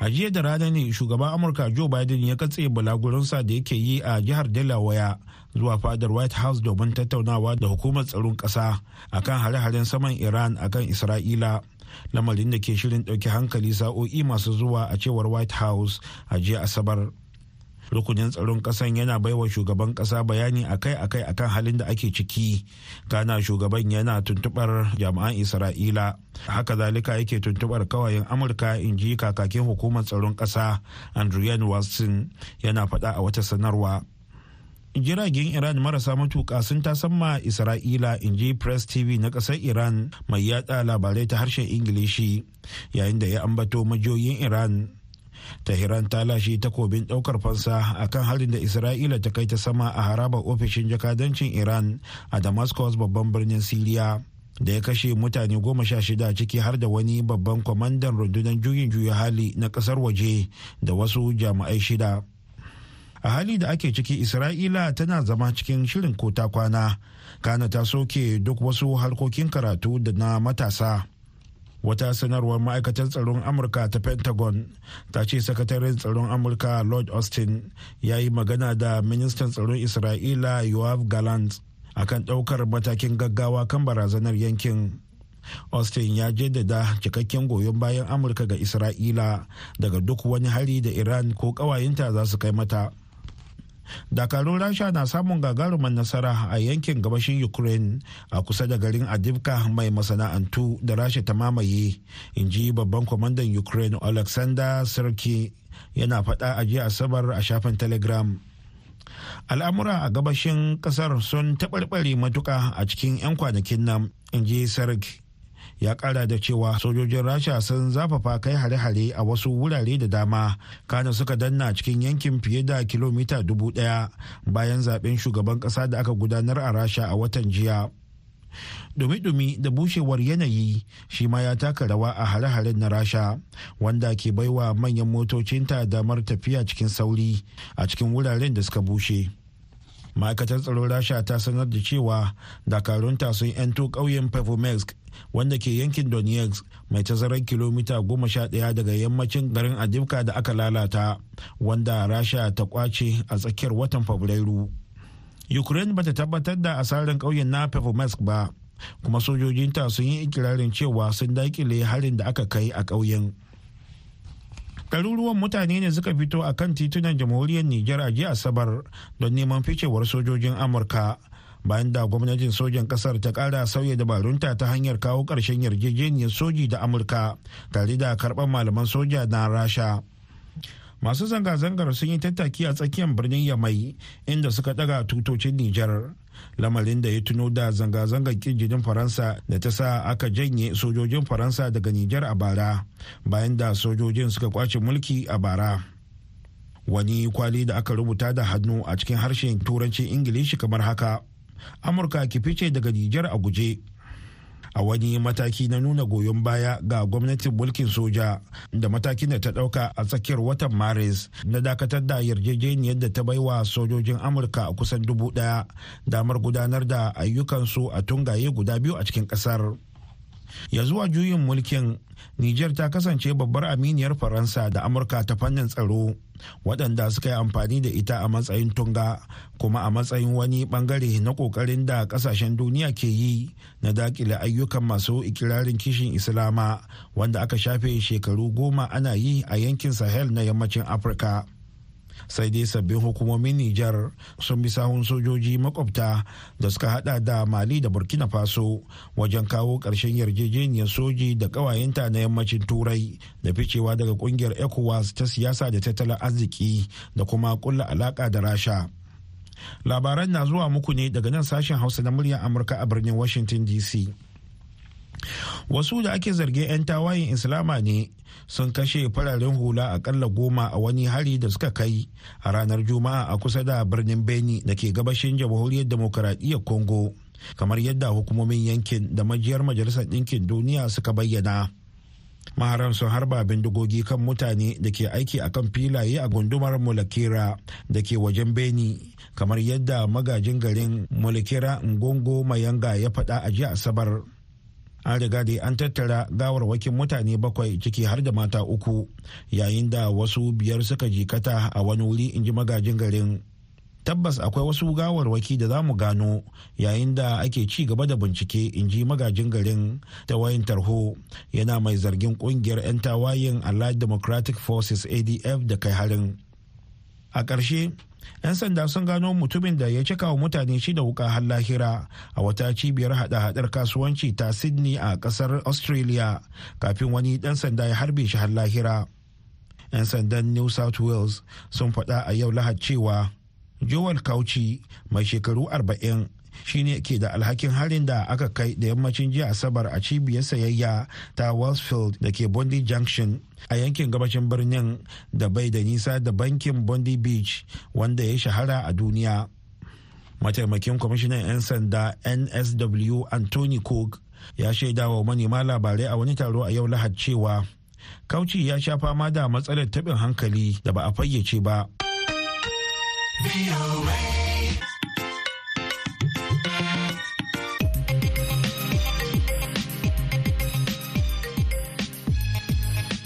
a jiya da rana ne shugaban amurka joe biden ya katse bulagurinsa da yake yi a jihar delaware zuwa fadar white house domin tattaunawa da hukumar tsaron ƙasa kan hare-haren saman iran akan isra'ila lamarin da ke shirin ɗauki hankali sa'o'i masu zuwa a cewar white house a jiya asabar rukunin tsaron kasan yana baiwa shugaban kasa bayani akai-akai akan halin da ake ciki kana shugaban yana tuntubar jami'an isra'ila haka zalika yake tuntubar kawayen amurka in ji kakakin hukumar tsaron kasa andrian watson yana faɗa a wata sanarwa jiragen iran marasa matuka sun tasamma isra'ila in ji press tv na ƙasar iran mai yada labarai ta harshen ingilishi yayin da ya ambato majiyoyin iran Tahiran ta lashe takobin daukar fansa a kan halin da Isra'ila ta kai ta sama a harabar ofishin jakadancin Iran a Damascus babban birnin Siriya. da ya kashe mutane goma sha shida ciki har da wani babban kwamandan rundunar juyin juya hali na kasar waje da wasu jami'ai shida a hali da ake ciki isra'ila tana zama cikin shirin kota kwana kana ta soke duk wasu harkokin karatu da na matasa wata sanarwar ma'aikatar tsaron amurka ta pentagon ta ce sakataren tsaron amurka lord austin ya yi magana da ministan tsaron isra'ila yoav galant akan ɗaukar matakin gaggawa kan barazanar yankin austin ya jaddada cikakken goyon bayan amurka ga isra'ila daga duk wani hari da iran ko ƙawayenta za su kai mata dakarun rasha na samun gagarumin nasara a yankin gabashin ukraine a kusa da garin adivka mai masana'antu da rasha ta mamaye in ji babban kwamandan ukraine alexander sarki yana faɗa a jiya asabar a shafin telegram al'amura a gabashin kasar sun taɓarɓare matuka a cikin 'yan kwanakin nan in ji sarki ya kara da cewa sojojin rasha sun zafafa kai hare-hare a wasu wurare da dama kana suka danna cikin yankin fiye da kilomita dubu daya bayan zaben shugaban kasa da aka gudanar a rasha a watan jiya dumi-dumi da bushewar yanayi shi ma ya taka rawa a hare-haren na rasha wanda ke baiwa manyan motocinta damar tafiya cikin sauri a cikin wuraren da suka bushe. ma'aikatar tsaron rasha ta sanar da cewa dakarunta sun 'yanto ƙauyen pavomesk wanda ke yankin donetsk mai tazarar kilomita goma sha ɗaya daga yammacin garin adivka da aka lalata wanda rasha ta kwace a tsakiyar watan fabrairu ukraine bata tabbatar da asarin ƙauyen na performance ba kuma sojojinta sun yi ikirarin cewa sun daƙile harin da aka kai a ƙauyen ɗaruruwan mutane ne suka fito a kan titunan jamhuriyar Nijar a jiya Asabar don neman ficewar sojojin Amurka bayan da gwamnatin sojan kasar ta kara sauya dabarunta ta hanyar kawo karshen yarjejeniyar soji da amurka tare da karɓar malaman soja na rasha masu zanga-zangar sun yi tattaki a tsakiyar birnin yamai inda suka daga tutocin nijar lamarin da ya tuno da zanga-zangar kirjinin faransa da ta sa aka janye sojojin faransa daga nijar a bara bayan da sojojin suka kwace mulki a bara wani kwali da aka rubuta da hannu a cikin harshen turancin ingilishi kamar haka amurka ki fice daga nijar a guje a wani mataki na nuna goyon baya ga gwamnatin mulkin soja da matakin da ta dauka a tsakiyar watan maris na dakatar da yarjejeniyar da ta baiwa sojojin amurka a kusan dubu daya damar gudanar da ayyukansu a tungaye guda biyu a cikin kasar. ya zuwa juyin mulkin niger ta kasance babbar aminiyar faransa da amurka ta fannin tsaro waɗanda suka yi amfani da ita a matsayin tunga kuma a matsayin wani ɓangare na ƙoƙarin da ƙasashen duniya ke yi na daƙile ayyukan masu ikirarin kishin islama wanda aka shafe shekaru goma ana yi a yankin sahel na yammacin afirka sai dai sabbin hukumomin Nijar sun bi sahun sojoji makwabta da suka hada da Mali da Burkina Faso wajen kawo ƙarshen yarjejeniyar soji da ƙawayenta na yammacin Turai da ficewa daga ƙungiyar ECOWAS ta siyasa da tattalin arziki da kuma ƙulla alaka da Rasha. Labaran na zuwa muku ne daga nan sashen Hausa na muryar Amurka a birnin Washington DC. Wasu da ake zarge 'yan tawayin Islama ne sun kashe fararen hula akalla goma a wani hari da suka kai a ranar juma'a a kusa da birnin beni da ke gabashin jamhuriyar demokaradiyyar congo kamar yadda hukumomin yankin da majiyar majalisar ɗinkin duniya suka bayyana maharan sun harba bindigogi kan mutane da ke aiki a kan filaye a gundumar mulakira da ke wajen beni kamar yadda magajin garin mulakira ngongo mayanga ya faɗa a jiya asabar an riga dai an tattara gawarwakin mutane bakwai ciki har da mata uku yayin da wasu biyar suka jikata a wani wuri inji magajin garin tabbas akwai wasu gawarwaki da za mu gano yayin da ake ci gaba da bincike inji magajin garin ta wayan tarho yana mai zargin kungiyar 'yan tawayen allied democratic forces adf da kai harin a ƙarshe 'yan sanda sun gano mutumin da ya cika wa mutane shida wuka har lahira a wata cibiyar hada-hadar kasuwanci ta sydney a kasar australia kafin wani dan sanda ya harbe shi har lahira 'yan sandan new south wales sun faɗa a yau lahad cewa joel kauci mai shekaru arba'in. shine ke da alhakin harin da aka kai da yammacin jiya asabar a cibiyar sayayya ta westfield da ke bondi junction a yankin gabashin birnin da bai da nisa da bankin bondi beach wanda ya shahara a duniya mataimakin kwamishinan 'yan sanda nsw anthony cook ya shaidawa manema labarai a wani taro a yau lahad cewa kauci ya sha fama da matsalar taɓin hankali da ba a fayyace ba.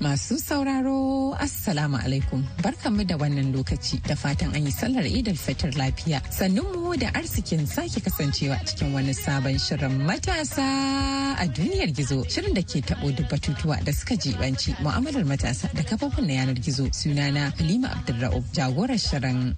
Masu sauraro Assalamu alaikum barkanmu da wannan lokaci da fatan an yi sallar idil fitar lafiya. mu da arzikin sake kasancewa cikin wani sabon shirin matasa a duniyar gizo shirin da ke tabo da batutuwa da suka jibanci mu'amalar matasa da kafofin na yanar gizo sunana Halima Abdulra'u jagorar shirin.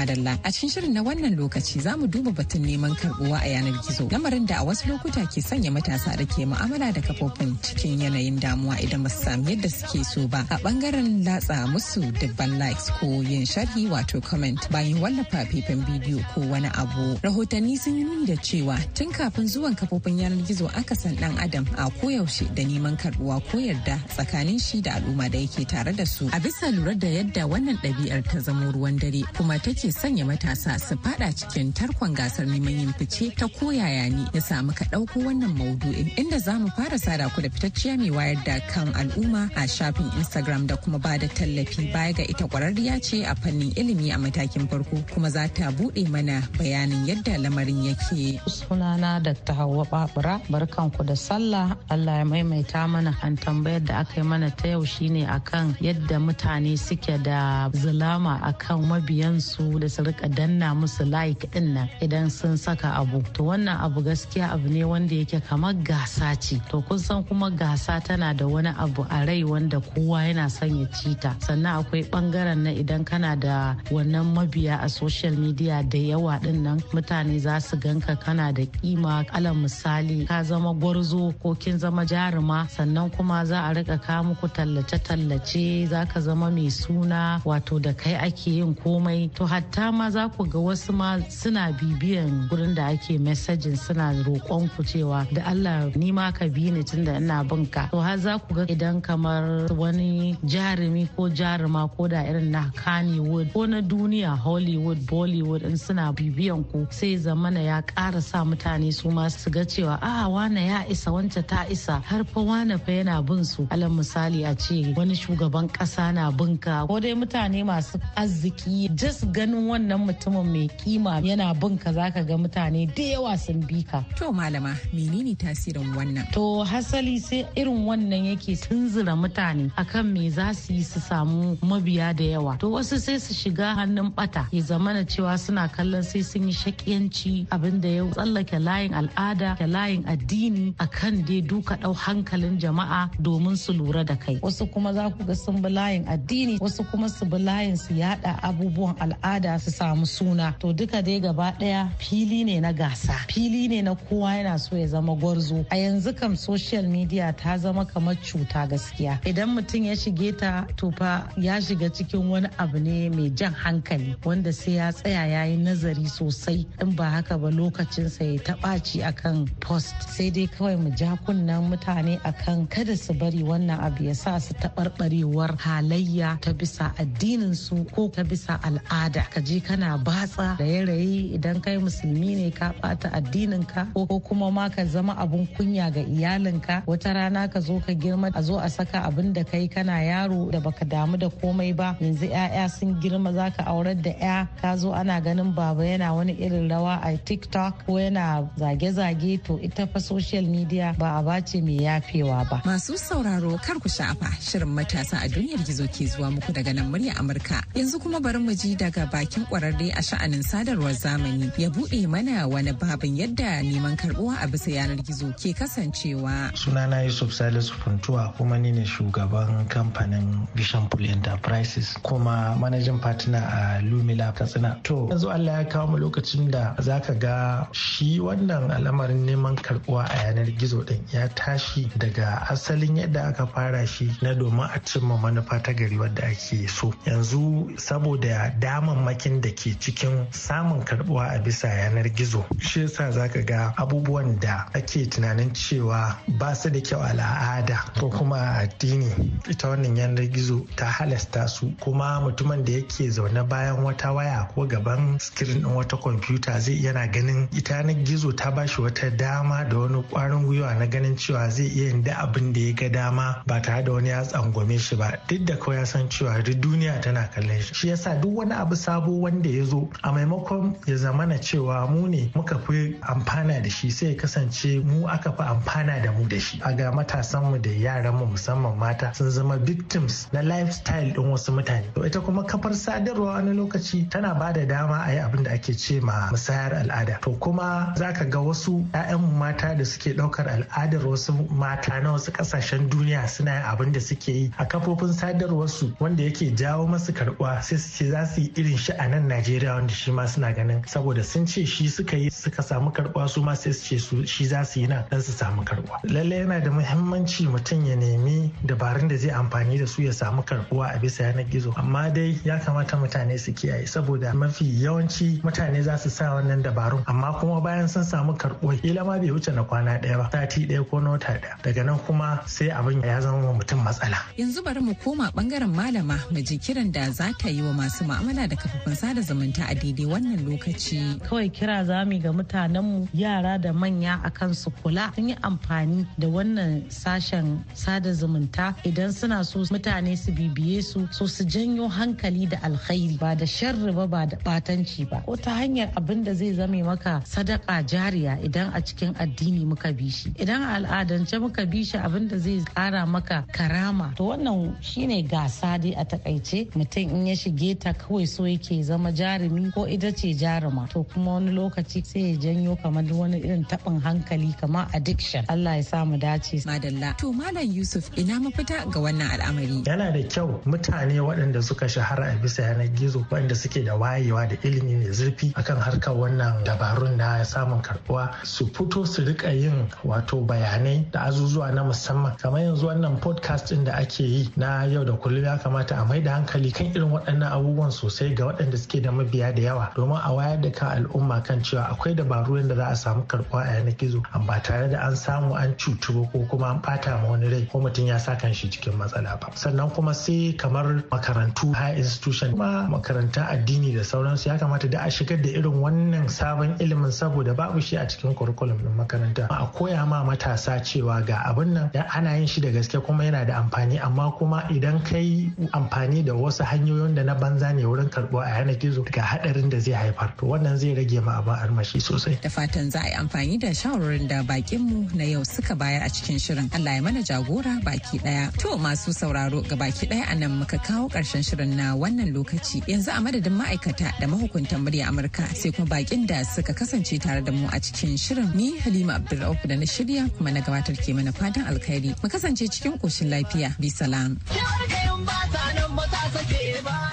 madalla. A cikin shirin na wannan lokaci za mu duba batun neman karbuwa a yanar gizo. Lamarin da a wasu lokuta ke sanya matasa da ke mu'amala da kafofin cikin yanayin damuwa idan ba sami yadda suke so ba. A bangaren latsa musu dubban likes ko yin sharhi wato comment bayan wallafa fefen bidiyo ko wani abu. Rahotanni sun yi nuni da cewa tun kafin zuwan kafofin yanar gizo aka san dan adam a koyaushe da neman karbuwa ko yarda tsakanin shi da al'umma da yake tare da su. A bisa lura da yadda wannan ɗabi'ar ta zamo ruwan dare kuma take ke sanya matasa su fada cikin tarkon gasar neman yin fice ta koyaya ne ya samu ka ɗauko wannan maudu'in inda za mu fara sada ku da fitacciya mai wayar da kan al'umma a shafin Instagram da kuma ba da tallafi baya ga ita kwararriya ce a fannin ilimi a matakin farko kuma za ta buɗe mana bayanin yadda lamarin yake. Sunana da ta hawa Babura ku da sallah Allah ya maimaita mana an tambayar da aka yi mana ta yau shine akan yadda mutane suke da zulama akan mabiyansu da su rika danna musu like din nan idan sun saka abu to wannan abu gaskiya abu ne wanda yake kamar gasa ce to kun san kuma gasa tana da wani abu a rai wanda kowa yana son ya cita sannan akwai bangaren na idan kana da wannan mabiya a social media da yawa din nan mutane za su ganka kana da kima alal misali ka zama gwarzo ko kin zama jaruma sannan kuma za a rika ka muku tallace-tallace za ka zama mai suna wato da kai ake yin komai to har hatta ma za ku ga wasu ma suna bibiyan gurin da ake mesajin suna roƙon ku cewa da Allah ni ma ka bi ni tunda ina bin ka to har za ku ga idan kamar wani jarumi ko jaruma ko da irin na Kannywood ko na duniya Hollywood Bollywood in suna bibiyan ku sai zamana ya ƙara sa mutane su ma su ga cewa a wane ya isa wance ta isa har fa wane fa yana bin su alal misali a ce wani shugaban ƙasa na bin ka ko dai mutane masu arziki just ganin. ganin wannan mutumin mai kima yana bin ka zaka ga mutane da yawa sun bi ka to malama menene tasirin wannan to hasali sai irin wannan yake tunzura mutane akan me za su yi su samu mabiya da yawa to wasu sai su shiga hannun bata ya zamana cewa suna kallon sai sun yi shakiyanci abin da ya tsallake layin al'ada da layin addini akan dai duka dau hankalin jama'a domin su lura da kai wasu kuma za ku ga sun bi layin addini wasu kuma su bi layin su yada abubuwan al'ada da su samu suna to duka dai gaba daya fili ne na gasa fili ne na kowa yana so ya zama gwarzo a yanzu kam social media ta zama kamar cuta gaskiya idan mutum ya shige ta to fa ya shiga cikin wani abu ne mai jan hankali wanda sai ya tsaya ya yi nazari sosai in ba haka ba lokacinsa ya taɓaci akan post sai dai kawai mu ja kunnen mutane akan kada su bari wannan abu ya sa su taɓarɓarewar halayya ta bisa addinin su ko ta bisa al'ada ka je kana batsa raye-raye idan kai musulmi ne ka bata addinin ka ko kuma ma ka zama abun kunya ga iyalinka wata rana ka zo ka girma a zo a saka abin da kai kana yaro da baka damu da komai ba yanzu 'ya'ya sun girma za ka aurar da 'ya ka zo ana ganin baba yana wani irin rawa a tiktok ko yana zage-zage to ita fa social media ba a bace mai yafewa ba masu sauraro kar ku sha'afa shirin matasa a duniyar gizo ke zuwa muku daga nan murya amurka yanzu kuma bari mu ji daga baki cikin kwararre a sha'anin sadarwar zamani ya buɗe mana wani babin yadda neman karbuwa a bisa yanar gizo ke kasancewa. Sunana Yusuf Salisu Funtuwa kuma ni ne shugaban kamfanin Vision Pool Enterprises kuma manajan partner a Lumila Katsina. To, yanzu Allah ya kawo mu lokacin da za ka ga shi wannan al'amarin neman karbuwa a yanar gizo din ya tashi daga asalin yadda aka fara shi na domin a cimma manufa ta gari wadda ake so. Yanzu saboda damammakin matakin da ke cikin samun karbuwa a bisa yanar gizo shi yasa zaka ga abubuwan da ake tunanin cewa ba su da kyau al'ada ko kuma addini ita wannan yanar gizo ta halasta su kuma mutumin da yake zaune bayan wata waya ko gaban screen din wata kwamfuta zai yana ganin ita yanar gizo ta ba shi wata dama da wani kwarin gwiwa na ganin cewa zai iya yin da abin da ya ga dama ba tare da wani ya tsangwame shi ba duk da kawai ya san cewa duk duniya tana kallon shi shi yasa duk wani abu sabo abu wanda ya zo a maimakon ya zamana cewa mu ne muka fi amfana da shi sai ya kasance mu aka fi amfana da mu da shi a ga matasan mu da yaran mu musamman mata sun zama victims na lifestyle din wasu mutane to ita kuma kafar sadarwa wani lokaci tana ba da dama a yi abin da ake ce ma musayar al'ada to kuma zaka ga wasu 'ya'yan mata da suke ɗaukar al'adar wasu mata na wasu ƙasashen duniya suna yin abin da suke yi a kafofin sadarwarsu wanda yake jawo masu karɓuwa sai su ce za su yi irin ci a nan najeriya wanda shi ma suna ganin saboda sun ce shi suka yi suka samu karɓa su ma sai su ce su shi za su yi nan dan su samu karɓa lalle yana da muhimmanci mutum ya nemi dabarun da zai amfani da su ya samu karɓuwa a bisa yanar gizo amma dai ya kamata mutane su kiyaye saboda mafi yawanci mutane za su sa wannan dabarun amma kuma bayan sun samu karɓuwa kila ma bai wuce na kwana ɗaya ba sati ɗaya ko na wata ɗaya daga nan kuma sai abin ya zama wa mutum matsala yanzu bari mu koma bangaren malama mu ji kiran da za ta yi wa masu ma'amala da kafin kafafen sada zumunta a daidai wannan lokaci. Kawai kira zami ga mutanenmu yara da manya a kan su kula sun yi amfani da wannan sashen sada zumunta idan suna so mutane su bibiye su so su janyo hankali da alkhairi ba da sharri ba ba da batanci ba ko ta hanyar abin da zai zame maka sadaka jariya idan a cikin addini muka bi shi idan a al'adance muka bi shi abin da zai kara maka karama to wannan shine gasa dai a takaice mutum in ya shige ta kawai so yake ke zama jarumi ko ita ce jaruma to kuma wani lokaci sai ya janyo kamar wani irin taɓin hankali kamar addiction Allah ya samu dace madalla to malam Yusuf ina mafita ga wannan al'amari yana da kyau mutane waɗanda suka shahara a bisa yanar gizo waɗanda suke da wayewa da ilimi mai zurfi akan harkar wannan dabarun na samun karbuwa su fito su rika yin wato bayanai da azuzuwa na musamman kamar yanzu wannan podcast din da ake yi na yau da kullum ya kamata a mai da hankali kan irin waɗannan abubuwan sosai ga waɗanda suke da mabiya da yawa domin a wayar da kan al'umma kan cewa akwai dabaru da za a samu karɓuwa a yanar gizo ba tare da an samu an cutu ko kuma an ɓata ma wani rai ko mutum ya sa kan shi cikin matsala ba sannan kuma sai kamar makarantu high institution ma makaranta addini da sauransu ya kamata da a shigar da irin wannan sabon ilimin saboda babu shi a cikin curriculum din makaranta a koya ma matasa cewa ga abin nan ana yin shi da gaske kuma yana da amfani amma kuma idan kai amfani da wasu hanyoyin da na banza ne wurin karɓo. a yanar gizo ga hadarin da zai haifar to wannan zai rage ma abin armashi sosai da fatan za a yi amfani da shawarwarin da bakin mu na yau suka bayar a cikin shirin Allah ya mana jagora baki daya to masu sauraro ga baki daya anan muka kawo karshen shirin na wannan lokaci yanzu a madadin ma'aikata da mahukuntan murya Amurka sai kuma bakin da suka kasance tare da mu a cikin shirin ni Halima Abdulrauf da na shirya kuma na gabatar ke mana fatan alkhairi mu kasance cikin koshin lafiya bi salam.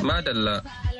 Madalla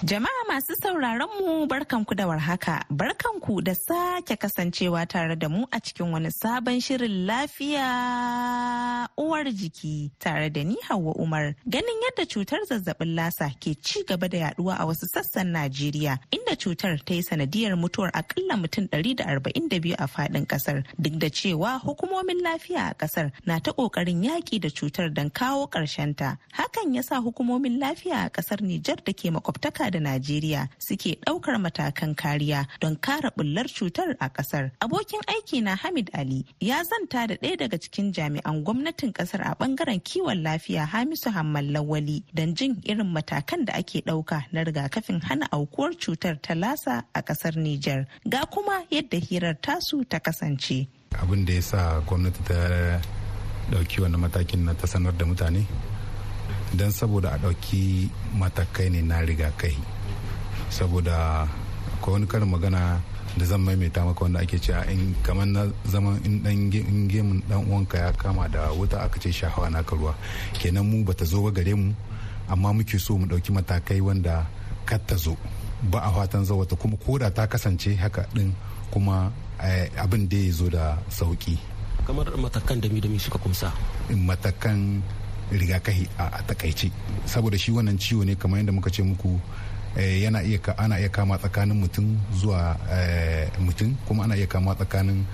Jama'a masu sauraron mu barkanku da warhaka, barkanku da sake kasancewa tare da mu a cikin wani sabon shirin lafiya uwar jiki tare da ni Hauwa Umar. Ganin yadda cutar zazzabin lasa ke ci gaba da yaduwa a wasu sassan Najeriya, inda cutar ta yi sanadiyar mutuwar akalla mutum 142 a fadin kasar, duk da cewa hukumomin lafiya a kasar na ta kokarin yaki da cutar don kawo ta Hakan ya sa hukumomin lafiya a kasar Nijar da ke makwabtaka da Najeriya suke ɗaukar matakan kariya don kare bullar cutar a ƙasar. Abokin aiki na Hamid Ali ya zanta da ɗaya daga cikin jami'an gwamnatin ƙasar a ɓangaren kiwon lafiya Hamisu Hammal Lawali don jin irin matakan da ake ɗauka na rigakafin hana aukuwar cutar ta lasa a ƙasar Nijar. Ga kuma yadda hirar tasu ta kasance. Abin da ya sa gwamnati ta ɗauki wani matakin na ta sanar da mutane don saboda a ɗauki matakai ne na rigakai saboda akwai wani karin magana da zan maimaita maka wanda ake cewa in kamar na zaman in dan gemun dan uwanka ya kama da wuta aka ce shahawa na ruwa kenan mu bata zo ba gare mu amma muke so mu dauki matakai wanda kar ta zo ba a fatan wata kuma koda ta kasance haka din kuma eh, abin da ya zo da sauki kamar matakan da mi da mi suka kumsa matakan rigakafi a takaice saboda shi wannan ciwo ne kamar yadda muka ce muku eh, yana iya ana iya kama tsakanin mutum zuwa eh, mutum kuma ana iya kama tsakanin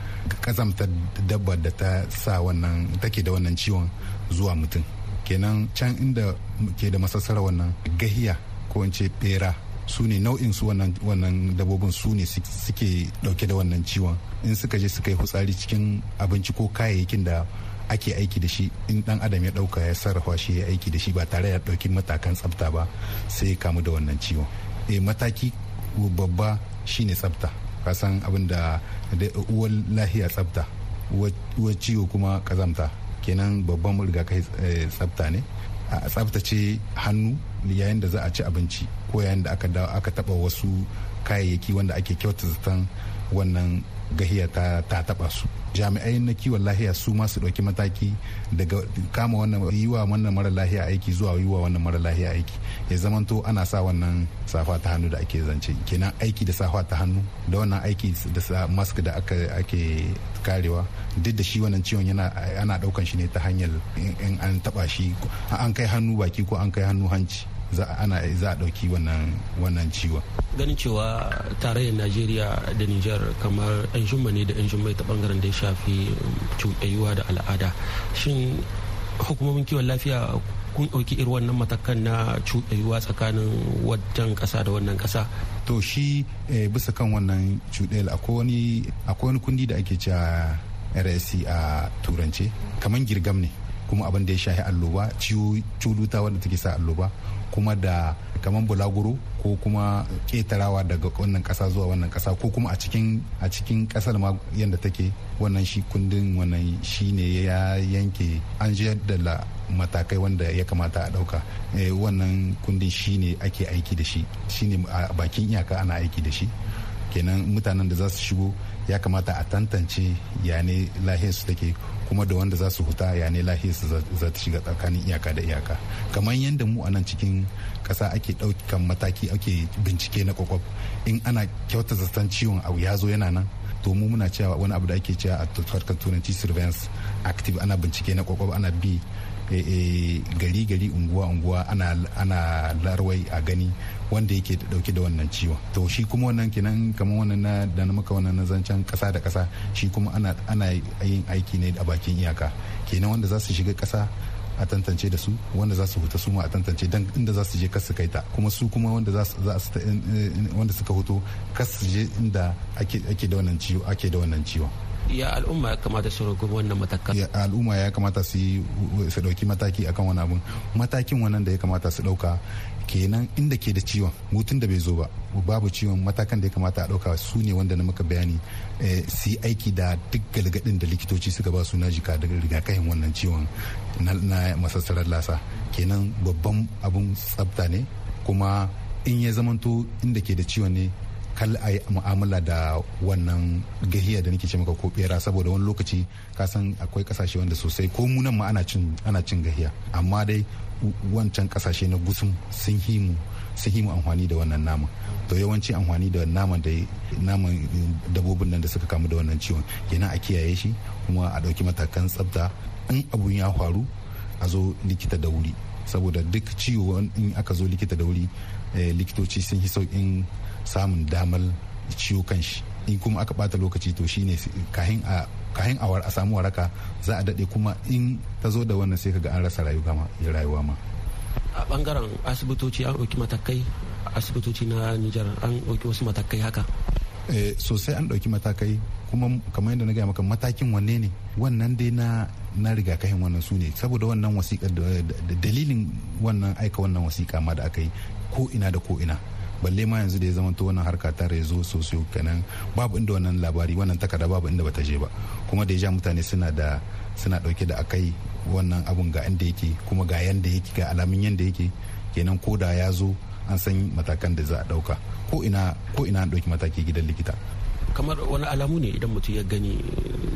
kazamta dabba da ta sa wannan take da wannan ciwon zuwa mutum kenan can inda ke da masassara wannan gahiya ko in ce bera su ne nau'in su wannan dabobin su ne suke dauke da wannan ciwon in suka je suka yi hutsari cikin abinci ko kayayyakin da ake aiki da shi in dan adam ya dauka ya sarrafa shi ya aiki da shi ba tare ya daukin matakan tsafta ba sai ya kamu da wannan ciwo eh mataki babba shine tsafta kasan abin da uwar lahiya tsafta uwar ciwo kuma kazamta kenan babban kai eh, tsafta ne a tsaftace hannu yayin da za a ci abinci ko yayin da aka dawo aka taba wasu kayayyaki wanda ake kyautata zaton wannan gahiya ta taɓa su jami'ai na kiwon lahiya su ma su ɗauki mataki daga kama wannan yiwa wannan mara lahiya aiki zuwa yiwa wannan mara lahiya aiki ya zamanto ana sa wannan safa ta hannu da ake zance kenan aiki da safa ta hannu da wannan aiki da mask da ake karewa duk da shi wannan ciwon yana ana ɗaukan shi ne ta hanyar in an taɓa shi an kai hannu baki ko an kai hannu hanci za ana za a ɗauki wannan ciwon ganin cewa tarayyar najeriya da niger kamar yan ne da yan ta bangaren da ya shafi cuɗayuwa da al'ada shin hukumomin kiwon lafiya kun ɗauki irin wannan matakan na cuɗayuwa tsakanin wajen ƙasa da wannan ƙasa? To shi eh, bisa kan wannan cuɗayar akwai wani kundi da ake cewa RSC a turance kamar girgam ne kuma abin da ya shahi alloba ciwo cuduta wanda take sa alloba kuma da kamar bulaguro ko kuma ketarawa daga wannan kasa zuwa wannan kasa ko kuma a cikin kasar ma yadda take wannan shi kundin wannan shi ne ya yanke an la matakai wanda ya kamata a dauka eh, wannan kundin shi ne ake aiki da shi shi ne bakin iyaka ana aiki da shi kenan mutanen da za su shigo ya kamata a tantance ya ne lahiyar su take kuma da wanda za su huta ya ne lahiyar su za ta shiga tsakanin iyaka da iyaka kamar yadda mu a nan cikin ƙasa ake ɗaukan mataki ake bincike na kwakwaf in ana kyauta zaton ciwon abu ya zo yana nan to mu muna cewa wani abu da ake cewa a harkar turanci surveillance active ana bincike na kwakwaf ana bi Eh, eh, gari-gari unguwa-unguwa ana larwai a gani wanda yake dauke da wannan ciwon to shi kuma wannan kenan kamar wannan na da na maka wannan zancen kasa da kasa shi kuma ana yin aiki ne a bakin iyaka kenan wanda za su shiga kasa a tantance da su wanda za su huta su ma a tantance dan inda za su je kasu kai ta kuma su kuma wanda za su eh, wanda suka huto kasu je inda ake da wannan ciwo ake da wannan ciwon ya al'umma ya kamata su roƙi wannan matakan ya al'umma ya kamata su yi su ɗauki mataki akan wani abun matakin wannan da ya kamata su ɗauka kenan inda ke da ciwon mutum da bai zo ba babu ciwon matakan da ya kamata a ɗauka su ne wanda na muka bayani eh, su yi aiki da duk galgadin da likitoci suka ba su na jika da rigakafin wannan ciwon na masassarar lasa kenan babban abun tsafta ne kuma in ya zamanto inda ke da ciwon ne kal a yi mu'amala da wannan gahiya da nake ce maka ko bera saboda wani lokaci ka san akwai kasashe wanda sosai ko mu nan ma ana cin gahiya amma dai wancan kasashe na gusum sun himu sun himu amfani da wannan nama. to yawanci amfani da naman da naman dabobin nan da suka kamu da wannan ciwon yana a kiyaye shi kuma a ɗauki matakan tsabta in abun ya faru a zo likita da wuri saboda duk ciwo in aka zo likita da wuri eh, likitoci sun yi sauƙin samun damar ciwo kan shi in kuma aka bata lokaci to shine kahin a kahin awar a samu waraka za a dade kuma in ta zo da wannan sai kaga an rasa rayuwa ma rayuwa ma a bangaren asibitoci an ɗauki matakai asibitoci na Nijar an ɗauki wasu matakai haka eh, sosai an ɗauki matakai kuma kamar yadda na gaya maka matakin wanne ne wannan dai na na rigakafin wannan su ne saboda wannan wasiƙa da dalilin wannan aika wannan wasiƙa ma da aka yi ko ina da ko ina balle ma yanzu da ya zama to wannan harka ta rezo sosai kenan babu inda wannan labari wannan takarda babu inda bata je ba kuma da ya mutane suna da suna dauke da akai wannan abun ga inda yake kuma ga yanda yake ga alamin yanda yake kenan ko da ya zo an san matakan da za a dauka ko ina ko ina an dauki mataki gidan likita kamar wani alamu ne idan mutum ya gani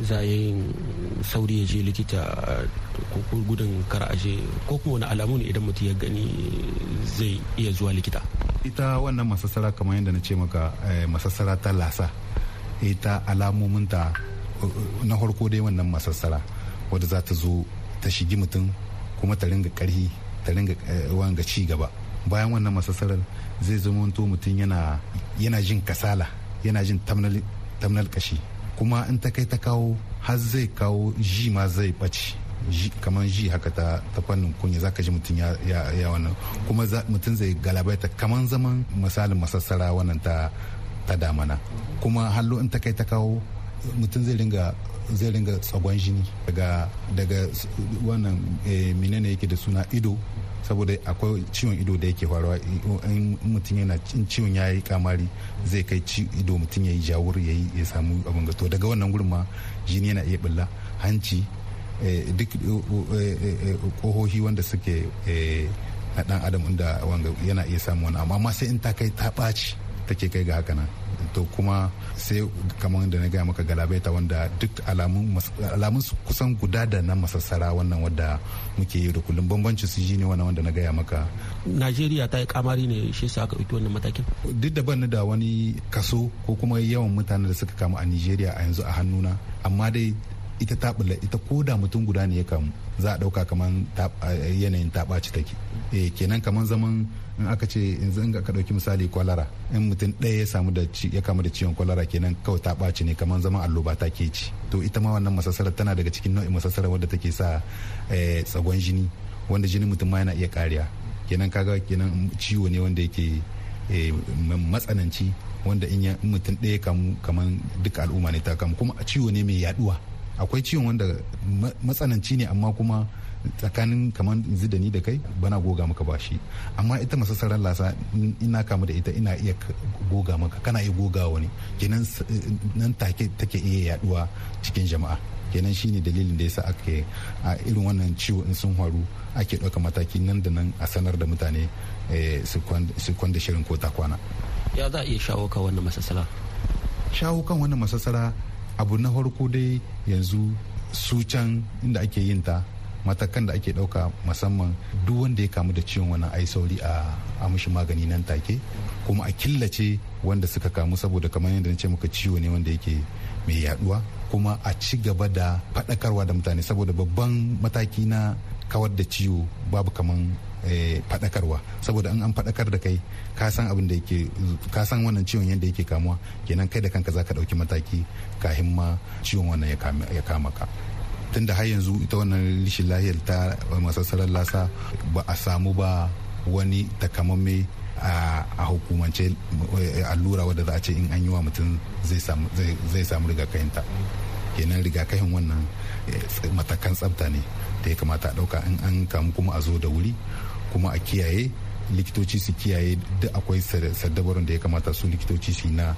za yin sauri ya je likita ko gudun kar a je ko kuma wani alamu ne idan mutum ya gani zai iya zuwa likita ita wannan masassara kamar yadda na ce maka eh, masassara ta lasa ita alamominta eh, na harko dai wannan masassara wadda za ta zo ta shigi mutum kuma ta ringa karhi ta ringa eh, ci gaba bayan wannan masassarar zai zama to mutum yana jin kasala yana jin tamnal kashi kuma in ta kai ta kawo har zai kawo ji ma zai ɓaci kamar ji haka ta ta fannin kunya zaka ji mutum ya wannan kuma mutum zai galabaita kamar zaman misalin masassara wannan ta ta damana kuma hallo in ta kai ta kawo mutum zai ringa zai ringa tsagon jini daga daga wannan eh, menene yake da suna ido saboda akwai ciwon ido da yake faruwa in mutum yana ciwon ya yi kamari zai kai ido mutum ya yi jawur ya yi ya samu abin gato daga wannan gurma jini yana iya bulla hanci Eh, duk kohohi eh, eh, wanda suke na dan adam inda wanga yana iya samu wani amma sai in ta kai ta ɓaci take kai ga haka nan to kuma sai kamar da na gaya maka galabaita wanda duk alamun su kusan guda da na masassara wannan wadda muke yi da kullum bambanci su ji ne wannan wanda na gaya maka najeriya ta yi kamari ne shi sa aka ɗauki wannan matakin duk da ban da wani kaso ko kuma yawan mutanen da suka kamu a nigeria a yanzu a hannuna amma dai ita tabula ita ko da mutum guda ne ya kamu za a dauka kamar eh, yanayin taɓaci take eh kenan kamar zaman in aka ce in zanga ka dauki misali kwalara in mutum ɗaya ya samu da ya kamu da ciwon kwalara kenan kawai ta ɓaci ne kamar zaman alloba ta ke ci to ita ma wannan masasarar tana daga cikin nau'in masasarar wadda take sa eh, tsagon jini wanda jini mutum ma yana iya kariya kenan kaga kenan ciwo ne wanda yake eh, matsananci wanda in mutum ɗaya kamu kamar duka al'umma ne ta kamu kuma ciwo ne mai yaduwa akwai ciwon wanda matsananci ne amma kuma tsakanin kamar yanzu da ni da kai bana goga maka bashi amma ita masassarar lasa ina kamu da ita ina iya goga maka kana iya goga wani kenan nan take take iya yaduwa cikin jama'a kenan shine dalilin da yasa ake a irin wannan ciwo in sun faru ake ɗauka mataki nan da nan a sanar da mutane eh, su kwanda shirin ko ta kwana ya za a iya shawo kan wannan masassara shawo kan wannan masassara abu na farko dai yanzu su can inda ake yin ta matakan da ake ɗauka musamman duk wanda ya kamu da ciwon wannan ai sauri a amshi magani nan take kuma a killace wanda suka kamu saboda kamar yadda na ce muka ciwo ne wanda yake mai yaduwa kuma a ci gaba da faɗakarwa da mutane saboda babban mataki na kawar da ciwo babu kaman Eh, faɗakarwa saboda in an faɗakar da kai ka san abin da yake ka san wannan ciwon yadda yake kamuwa kenan kai da kanka zaka ɗauki mataki kafin ma ciwon wannan ya kama ka tun da har yanzu ita wannan rishin lahiyar ta masassarar lasa ba a samu ba wani takamamme a hukumance eh, allura wadda za a ce in an yi wa mutum zai samu rigakayinta. kenan rigakayin wannan eh, matakan tsafta ne da ya kamata a ɗauka in an kamu kuma a zo da wuri kuma a kiyaye likitoci su kiyaye duk akwai sadabarin da ya kamata su likitoci su na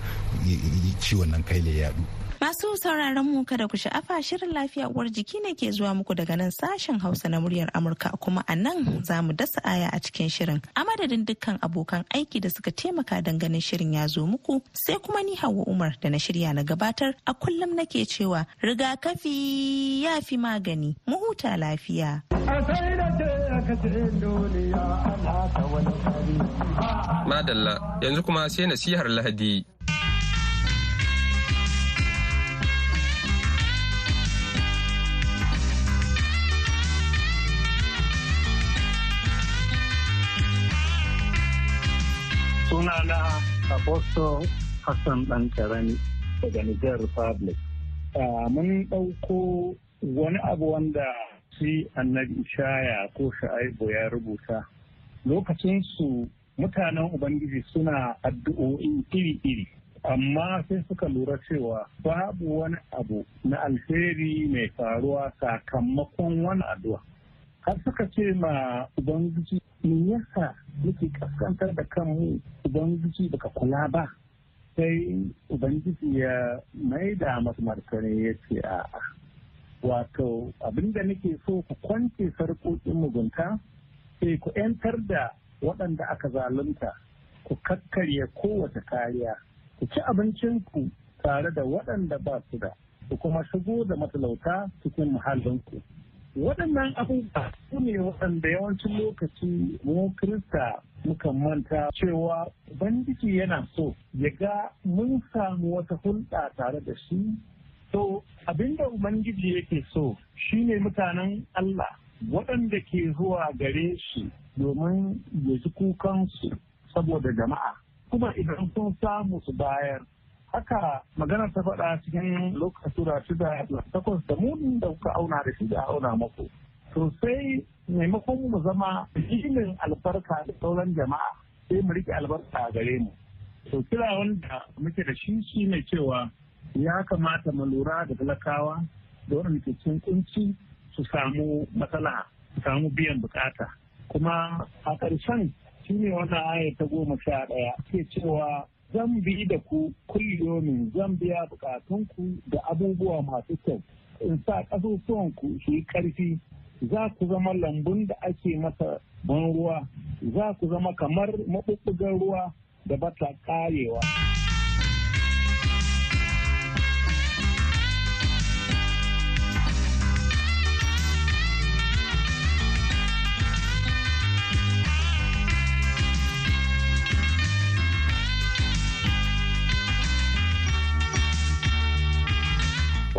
ciwon nan kai yadu Masu sauraron mu kada ku sha'afa shirin lafiya uwar jiki ne ke zuwa muku daga nan sashen Hausa na muryar Amurka kuma a nan za mu dasa aya a cikin shirin. A madadin dukkan abokan aiki da suka taimaka don ganin shirin ya zo muku sai kuma ni Hauwa Umar da na shirya na gabatar a kullum nake cewa rigakafi ya fi magani mu huta lafiya. Madalla yanzu kuma sai nasihar Lahadi. Sunana Apostle Hassan ɗan karami daga Niger Republic. Ah, mun ɗauko wani abu wanda sai annabi ishaya ko sha'aibu ya rubuta lokacin su mutanen ubangiji suna addu'o'i iri-iri amma sai suka lura cewa babu wani abu na alheri mai faruwa sakamakon wani addu'a har suka ce ma ubangiji me yasa yake kaskantar da kanmu ubangiji baka kula ba sai ubangiji ya maida masu martani ya ce a'a wato abinda nake so ku kwance sarƙoƙin mugunta sai eh, ku 'yantar da waɗanda aka zalunta ku kakkarya kowace kariya ku ci abincinku tare da waɗanda ba su da ku kuma shigo da matalauta cikin muhallinku waɗannan abubuwa su ne waɗanda yawancin lokaci mu kirista mukan manta cewa ubangiji yana so ya ga mun samu wata hulɗa tare da shi To abinda Ubangiji yake so shine mutanen Allah waɗanda ke zuwa gare shi domin ya ji kukansu saboda jama'a kuma idan sun samu su bayar haka magana ta faɗa cikin lokacin da shida da takwas da munin da kuka auna da shi da auna mako sosai maimakon mu zama ilimin albarka da sauran jama'a sai mu riƙe albarka a gare mu to kira wanda muke da shi shi shine cewa ya kamata mu lura da talakawa da waɗanda ke kunci su samu matsala su samu biyan bukata kuma a ƙarshen shi ne wata aya ta goma sha ɗaya ke cewa zan bi da ku kulliyomin zan biya bukatunku da abubuwa masu kyau in sa ƙasusuwanku su yi ƙarfi za ku zama lambun da ake masa ban ruwa za ku zama kamar maɓuɓɓugan ruwa da bata ƙarewa.